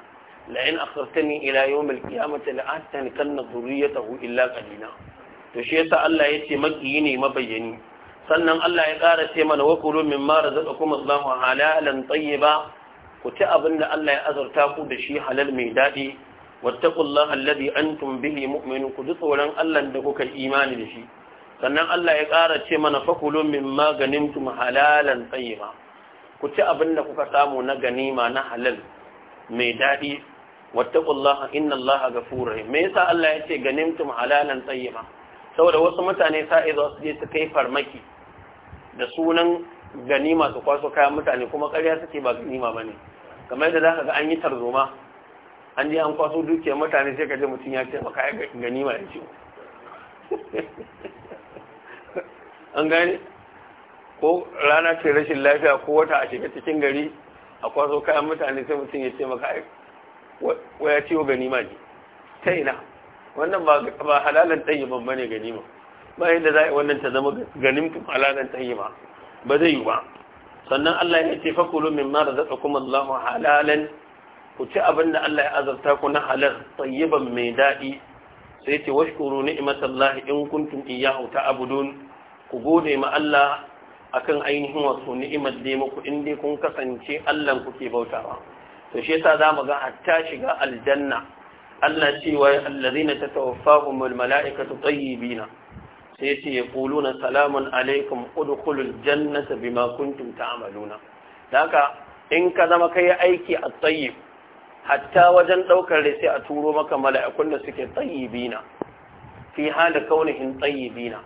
la in akhartani ila yawm al-qiyamati la dhurriyatahu illa qalina to shi yasa Allah yace makiyi ne mabayyani sannan Allah ya ƙara ce mana wa kulu min ma razaqakum Allahu halalan tayyiba ku ci abinda Allah ya azurta ku da shi halal mai daɗi wattaqullaha alladhi antum bihi mu'minun ku ji tsoron Allah da kuka imani da shi sannan Allah ya ƙara ce mana fa kulu min ma ganimtum halalan tayyiba ku ci abinda kuka samu na ganima na halal mai daɗi wattaqullaha inna Allaha ghafurur rahim me yasa Allah ya ce ganimtum halalan tayyiba saboda wasu mutane sa'i za su je su kai farmaki da sunan ganima su kwaso kayan mutane kuma ƙarya suke ba ganima ba ne kamar yadda za ka ga an yi tarzoma an je an kwaso dukiyar mutane sai ka je mutum ya ce maka ya ganima ya ce an gani ko rana ce rashin lafiya ko wata a shiga cikin gari a kwaso kayan mutane sai mutum ya ce maka waya ciwo ganima ne ta ina wannan ba halalan ɗanyi ban bane ganima ba yadda za a yi wannan ta zama ganin ta yi ba ba zai yi ba sannan Allah ya ce fakulu min mara ma razaqakum Allahu halalan ku ci abin da Allah ya azarta ku na halar tsayyaban mai daɗi sai ce washkuru ni'matallahi in kuntum hauta abudun ku gode ma Allah akan ainihin wasu ni'imar da muku in dai kun kasance Allah ke bautawa to shi yasa zamu ga hatta shiga aljanna Allah ce cewa allazina tatawaffahumul mala'ikatu tayyibina sai ce ya na, salamun alaikum ƙudukulun jannata bima amaluna Da haka in ka zama kai aiki a tsayi, hatta wajen ɗaukar da sai a turo maka mala'ikun da suke bina fi hada kaunihin bina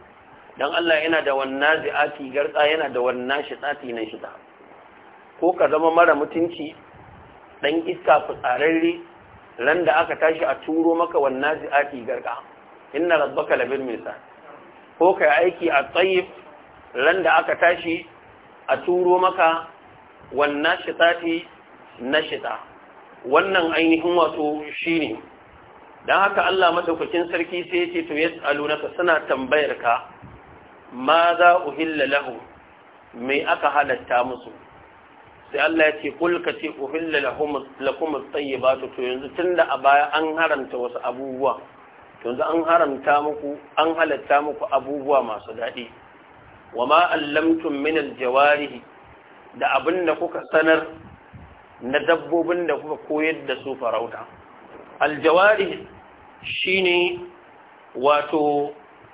Don Allah yana da wanna zi'ati garka yana da wannan tsati na ta, ko ka zama mara mutunci ɗan iska fitsararre ran da aka tashi a turo maka wanna zi'ati garka inna rabbaka labil misal ko yi aiki a tsayif ran da aka tashi a turo maka wannan shitati na shita wannan ainihin wato shi ne. Don haka Allah madaukakin sarki sai ce to yas'alunaka suna tambayar ka ma za uhilla lahu mai aka halatta musu sai Allah ya ce kulka ce uhilla lahum lakum tsaye tayyibatu to yanzu tun da a baya an haranta wasu abubuwa yanzu an haramta muku an halatta muku abubuwa masu daɗi wa ma allamtum min aljawarihi da abin da kuka sanar na dabbobin da kuka koyar da su farauta aljawarihi shine wato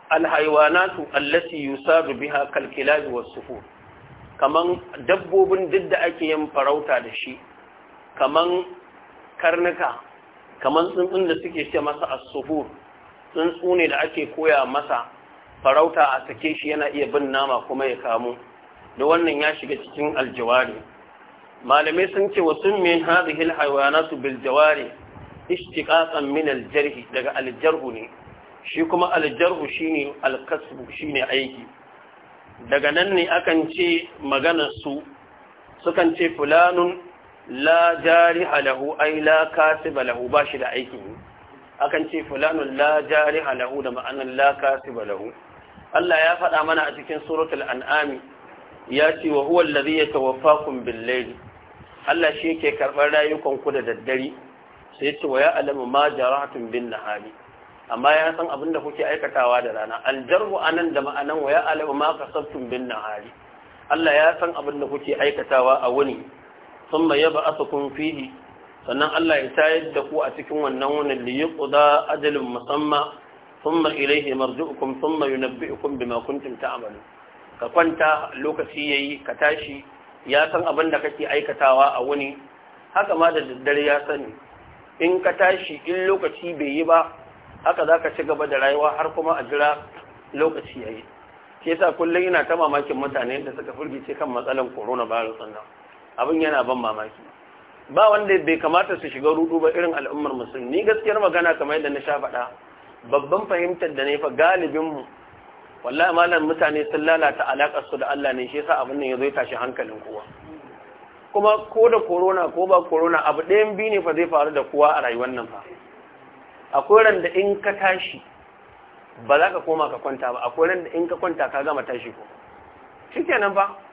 alhaiwanatu allati yusadu biha kalkilabi was-sufur kaman dabbobin duk da ake yin farauta da shi kaman karnuka kaman tsuntsun da suke ce masa as-sufur tsuntsu ne da ake koya masa farauta a sake shi yana iya bin nama kuma ya kamu da wannan ya shiga cikin aljawari malamai sun ce wasu min hadhihi su bil jawari ishtiqaqan min aljarhi daga aljarhu ne shi kuma aljarhu shine alkasbu shine aiki daga nan ne akan ce maganar su sukan ce fulanun la jari lahu ay la kasiba lahu bashi da aikin akan ce fulanun la jariha lahu da ma'anan la kasiba lahu Allah ya faɗa mana a cikin suratul an'ami ya ce wa huwa allazi yatawaffakum bil layli Allah shi yake karɓar rayukan ku da daddare sai ce wa ya alamu ma jarahatun bin nahari amma ya san abin da kuke aikatawa da rana Al-jarhu anan da ma'anan wa alamu ma kasabtum bin nahari Allah ya san abin da kuke aikatawa a wuni thumma yab'athukum fihi sannan Allah ya tayar da ku a cikin wannan wani da ajalin musamma thumma ilayhi marji'ukum thumma yunabbi'ukum bima kuntum ta'malu ka kwanta lokaci yayi ka tashi ya san abin da kake aikatawa a wuni haka ma da daddare ya sani in ka tashi in lokaci bai yi ba haka zaka ci gaba da rayuwa har kuma a jira lokaci yayi ke sa kullum yana ta mamakin mutane da suka furgice kan matsalan coronavirus nan abin yana ban mamaki ba wanda bai kamata su shiga rudu ba irin al'ummar musulmi gaskiyar magana kamar yadda na sha faɗa babban fahimtar da ne fa galibin mu wallahi malam mutane sun lalata alakar su da Allah ne shi yasa abin nan zo ya tashi hankalin kowa kuma ko da korona, ko ba corona abu ɗayan biyu ne fa zai faru da kowa a rayuwar nan fa akwai ran da in ka tashi ba za ka koma ka kwanta ba akwai ran da in ka kwanta ka gama tashi ko shikenan fa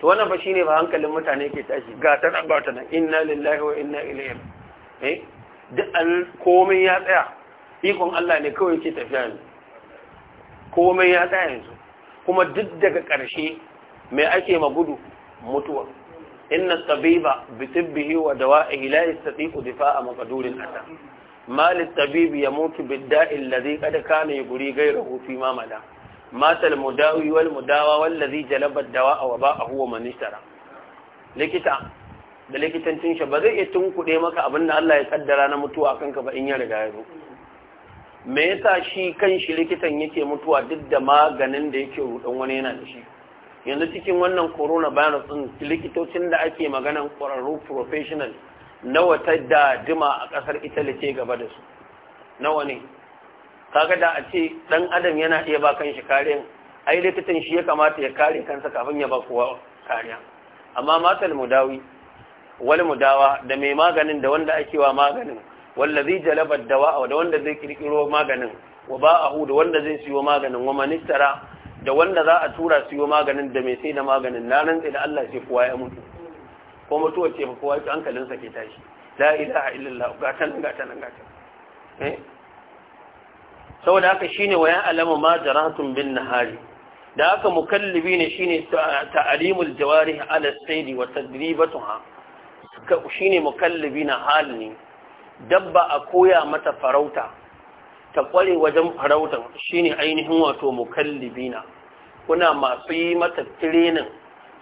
to wannan fa shine ba hankalin mutane ke tashi ga ta nan ba ta nan inna lillahi wa inna ilaihi eh duk komai ya tsaya ikon Allah ne kawai yake tafiya yanzu komai ya tsaya yanzu kuma duk daga ƙarshe me ake magudu mutuwa inna tabiba bi tibbihi wa dawa'ihi la yastati'u difa'a maqdurin ata mal at-tabib yamutu bid-da'i alladhi qad kana yuri ghayrahu fi ma mala matal mudawi wal mudawa wallazi jalaba dawa wa ba'ahu wa manistara likita da likitancin shi ba zai iya tunkuɗe maka abinda Allah ya kaddara na mutuwa kanka ba in ya riga ya zo me yasa shi kanshi likitan yake mutuwa duk da maganin da yake rudan wani yana da shi yanzu cikin wannan corona virus din likitocin da ake maganan ƙwararru professional nawa ta da dima a ƙasar Italy ce gaba da su nawa ne kaga da a ce dan adam yana iya ba kanshi shi kariyan ai likitan shi ya kamata ya kare kansa kafin ya ba kowa kariya amma matal mudawi wal mudawa da mai maganin da wanda ake wa maganin wallazi jalaba dawa da wanda zai kirkiro maganin wa ba'ahu da wanda zai siyo maganin wa manistara da wanda za a tura siyo maganin da mai sai da maganin na nan da Allah sai kowa ya mutu ko mutuwar ce kowa ya hankalinsa ke tashi la ilaha illallah gatan gatan gatan eh saboda haka shine wayan alama ma jaratun bin nahari da haka mukallibi ne shine ta'alimul jawarih ala saydi wa tadribatuha shine mukallibi na halni dabba a koya mata farauta ta kware wajen farautan shine ainihin wato mukallibina kuna masu yi mata training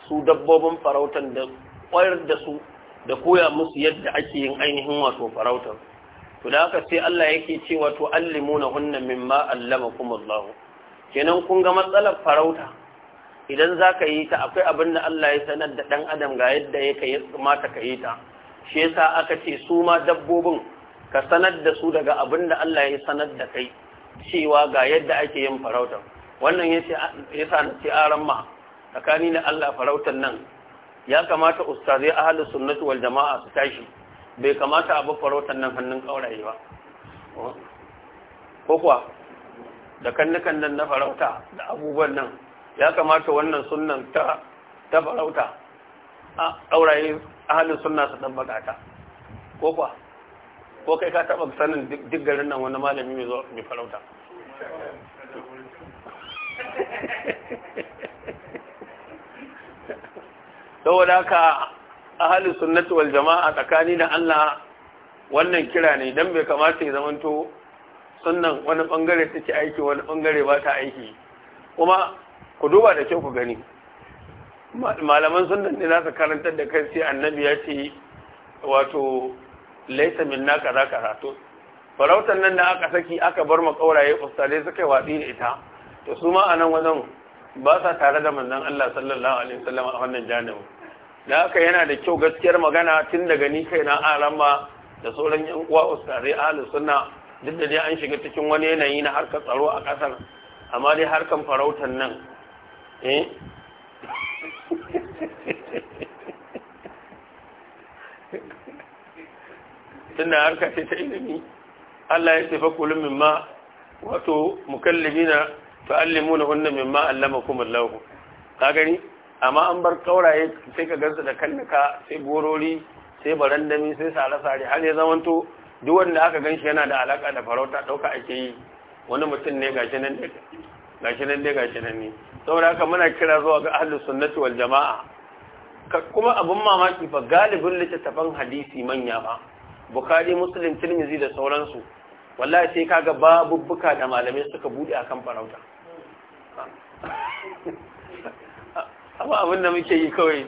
su dabbobin farautan da kwayar da su da koya musu yadda ake yin ainihin wato farautar to da sai Allah yake cewa to allimuna hunna mimma allamakum Allah kenan kun ga matsalar farauta idan zaka yi ta akwai abin da Allah ya sanar da dan adam ga yadda yake ya mata ka yi ta shi yasa aka ce su ma dabbobin ka sanar da su daga abin da Allah ya sanar da kai cewa ga yadda ake yin farautar wannan yasa na ce aran ma tsakani na Allah farautar nan ya kamata ustazai ahlus sunnatu wal jama'a su tashi bai kamata abu farautar nan hannun ƙauraye ba ko kuwa da kannukan nan na farauta da abubuwan nan ya kamata wannan sunan ta farauta a ƙauraye halin suna su ɗan bakata ko kuwa ko kai ka taɓa sanin duk garin nan wani malami mai zo mai farauta saboda ka ahalin sunnatu wal jama'a tsakani da Allah wannan kira ne dan bai kamata ya zamanto sunnan wani bangare take aiki wani bangare ba ta aiki kuma ku duba da kyau ku gani malaman sunnan ne za karantar da kai sai annabi ya ce wato laisa minna kaza kaza to farautar nan da aka saki aka bar makauraye ustadai suka yi watsi da ita to su ma a nan wajen ba sa tare da manzon Allah sallallahu alaihi wasallam a wannan janibin da haka yana da kyau gaskiyar magana tun daga ni kai na alama da sauran yan uwa ustare ahlus sunna duk da dai an shiga cikin wani yanayi na harkar tsaro a kasar amma dai harkar farautar nan eh da harka ce ta ilimi Allah ya tafi kulun mimma wato mukallimina ta'allimuna hunna mimma allamakum Allah ka gani amma an bar kauraye sai ka gansu da kannaka sai gorori sai barandami sai sare-sare har ya zamanto duk wanda aka ganshi yana da alaka da farauta dauka ake yi wani mutum ne gashi nan ne nan ne gashi nan ne saboda haka muna kira zuwa ga ahlus sunnati wal jama'a kuma abun mamaki fa galibin littattafan hadisi manya ba bukhari muslim da sauransu wallahi sai kaga babubbuka da malamai suka bude akan farauta amma abin da muke yi kawai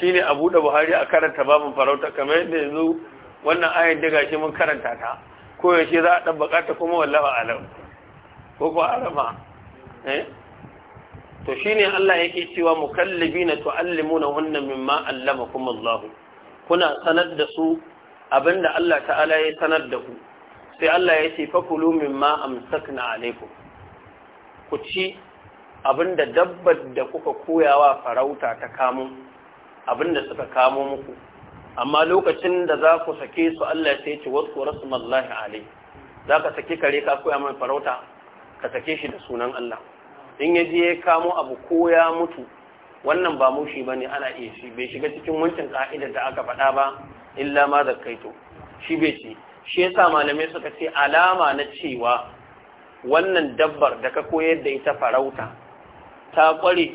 shine abu da buhari a karanta babin farauta kamar yadda yanzu wannan ayar daga shi mun karanta ta koyar shi za a ɗan bukata kuma wallafa alam ko ko arama eh? to shine Allah yake cewa na tu'allimu na wannan mimma kuma Allah kuna sanar da su abinda Allah ta'ala ya sanar da ku sai Allah ya ce fakulu mimma amsakna alaikum ku ci abinda dabbar da kuka koyawa farauta ta kamo abinda suka kamo muku amma lokacin da za ku sake su Allah sai ce wasu rasulullahi alai za ka sake kare ka koya mai farauta ka sake shi da sunan Allah in ya je ya kamo abu koya mutu wannan ba mushi bane ana iya shi bai shiga cikin wancan ka'idar da aka faɗa ba illa ma kaito shi bai ce shi yasa malamai suka ce alama na cewa wannan dabbar da ka koyar da ita farauta ta kware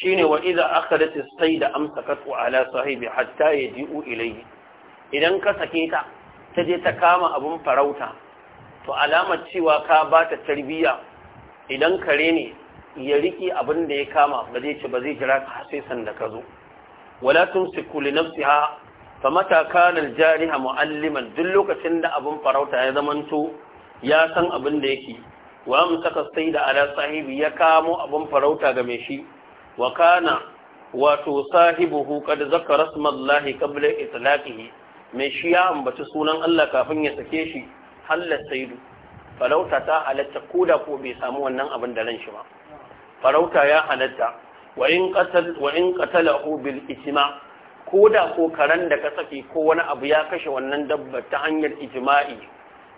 shine wa aka akhadat sai da amsa a ala sahibi hatta ya jiu ilai. idan ka sake ta ta je ta kama abin farauta to alamar cewa ka ba ta tarbiyya idan kare ne ya riƙe abin da ya kama ba zai ci ba zai jira ka sai sanda ka zo wala tumsiku li nafsiha famata kana al-jariha mualliman duk lokacin da abin farauta ya zamanto ya san abin da yake wa mu amsaka da ala sahibi ya kamo abin farauta ga mai shi wa kana wato sahibuhu kad zakara smallahi qabla itlaqihi mai shi ya ambaci sunan Allah kafin ya sake shi halla sayyidu farauta ta halatta koda ko bai samu wannan abin da ran shi ba farauta ya halatta wa in qatal wa in hu bil ijma koda ko karan da ka saki ko wani abu ya kashe wannan dabba ta hanyar ijma'i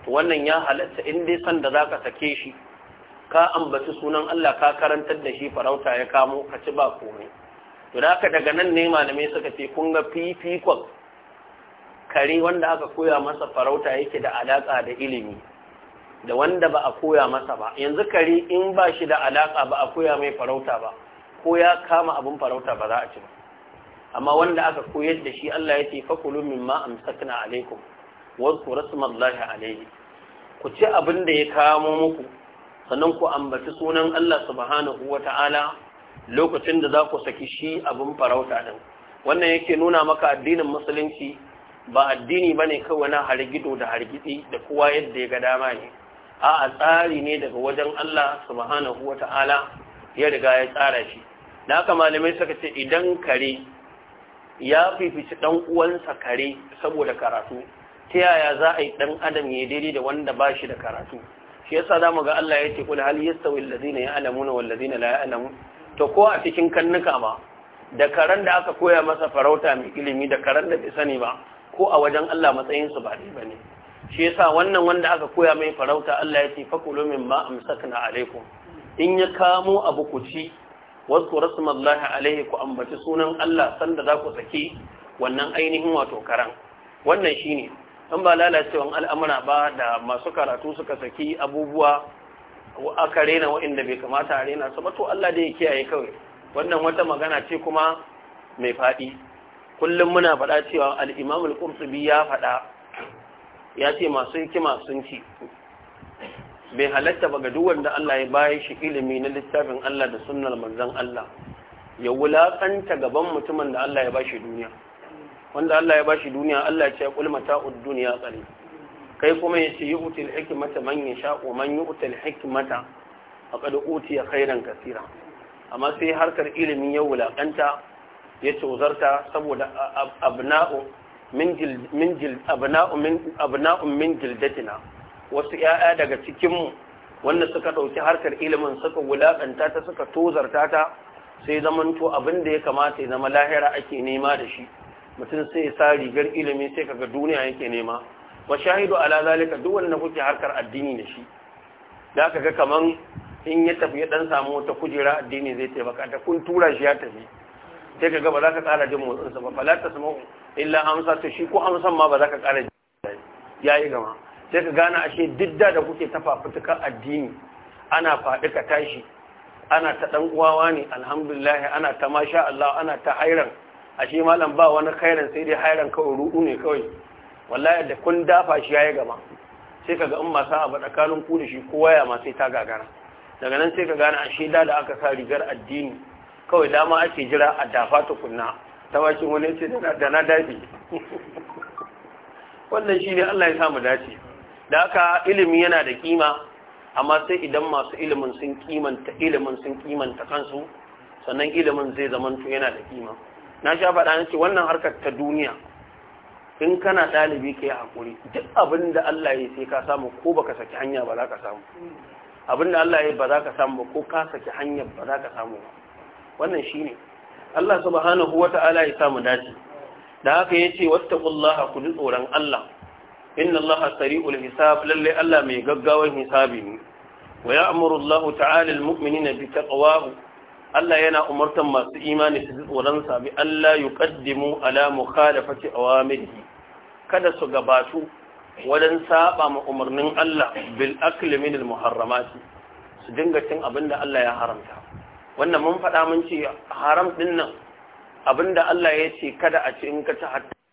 wannan ya halatta in dai san da zaka sake shi ka ambaci sunan Allah ka karantar da shi farauta ya kamo ka ci ba komai to da daga nan ne malamai suka ce kun ga fifikon kare wanda aka koya masa farauta yake da alaka da ilimi da wanda ba a koya masa ba yanzu kare in ba shi da alaka ba a koya mai farauta ba ko ya kama abin farauta ba za a ci ba amma wanda aka koyar da shi Allah ya ce fakulu mimma amsakna alaikum wasu rasmallahi alaihi ku ci abin da ya kamo muku sannan ku ambaci sunan Allah subhanahu wa ta'ala lokacin da za ku saki shi abin farauta din wannan yake nuna maka addinin musulunci ba addini ba ne kawai na hargido da hargitsi da kowa yadda ya ga dama ne a tsari ne daga wajen Allah subhanahu wa ta'ala ya riga ya tsara shi da aka malamai suka ce idan kare ya fifici ɗan uwansa kare saboda karatu ta yaya za a yi ɗan adam ya daidai da wanda ba shi da karatu shi yasa za mu ga Allah ya ce kul hal yastawi allazina ya'lamuna wal ladina la alamu?" to ko a cikin kannuka ba, da karen da aka koya masa farauta mai ilimi da karen da bai sani ba ko a wajen Allah matsayin su ba dai bane shi yasa wannan wanda aka koya mai farauta Allah ya ce fakulu mimma amsakna alaikum in ya kamo abu ku ci wasu rasmallahi alaihi ku ambaci sunan Allah sanda za ku saki wannan ainihin wato karen. wannan shine in ba lalacewan al'amura ba da masu karatu suka saki abubuwa aka rena waɗanda bai kamata a rena su mato Allah da ya kiyaye kawai wannan wata magana ce kuma mai faɗi kullum muna faɗa cewa al’imamul imam ya faɗa ya ce masu hikima sun ci bai halatta ba ga duk wanda Allah ya bayan shi ilimi na littafin Allah da sunnar manzon Allah ya wulaƙanta gaban mutumin da Allah ya ba shi duniya wanda Allah ya bashi duniya Allah ya ce kul mata'ud duniya tsari. kai kuma yace yu'til hikimata man yasha wa man yu'til hikmata faqad kai khairan kasira amma sai harkar ilimin ya wulakanta ya tozarta saboda abna'u min jil min jil abna'u min abna'u min jildatina wasu 'ya'ya daga cikin mu wanda suka dauki harkar ilimin suka wulakanta ta suka tozarta ta sai zamanto abin da ya kamata ya zama lahira ake nema da shi mutum sai ya sa rigar ilimi sai kaga duniya yake nema wa shahidu ala zalika duk wanda kuke harkar addini da shi da ka ga kaman in ya tafi dan samu wata kujera addini zai taimaka ta kun tura shi ya tafi sai kaga ba za ka kara jin motsin sa ba fala tasma'u illa amsa to shi ko amsan ma ba za ka kara jin yayi gama sai ka gane ashe didda da kuke tafa addini ana fadi ka tashi ana ta dan uwawa ne alhamdulillah ana ta masha Allah ana ta hairan a shi malam ba wani khairan sai dai hairan kawai rudu ne kawai wallahi da kun dafa shi yayi gaba sai kaga in masu abu tsakanin ku shi kowa ya ma sai ta gagara daga nan sai ka gane a sheda da aka sa rigar addini kawai dama ake jira a dafa ta kunna ta bakin wani ce da na dafi wannan shi ne Allah ya samu dace da haka ilimi yana da kima amma sai idan masu ilimin sun kimanta ilimin sun kimanta kansu sannan ilimin zai zamanto yana da kima na sha faɗa na ce wannan harkar ta duniya in kana ɗalibi ke yi haƙuri duk abin da Allah ya sai ka samu ko baka saki hanya ba za ka samu abin da Allah ya ba za ka samu ba ko ka saki hanya ba za ka samu ba wannan shi ne Allah subhanahu wa ta'ala ya samu dace da haka ya ce wattaqullaha ku ji tsoron Allah inna Allah sari'ul hisab lalle Allah mai gaggawan hisabi ne wa ya'muru Allah ta'ala al-mu'minina bi taqwahu Allah yana umartan masu imani su tsoron sami Allah yi ƙaddimu ala mukhalafati awamirihi kada su gabatu wajen saba ma umarnin Allah bil akli min muharramati su dinga cin abinda Allah ya haramta wannan mun faɗa mun ce haram din nan abinda Allah ya ce kada a ci in ka ci hatta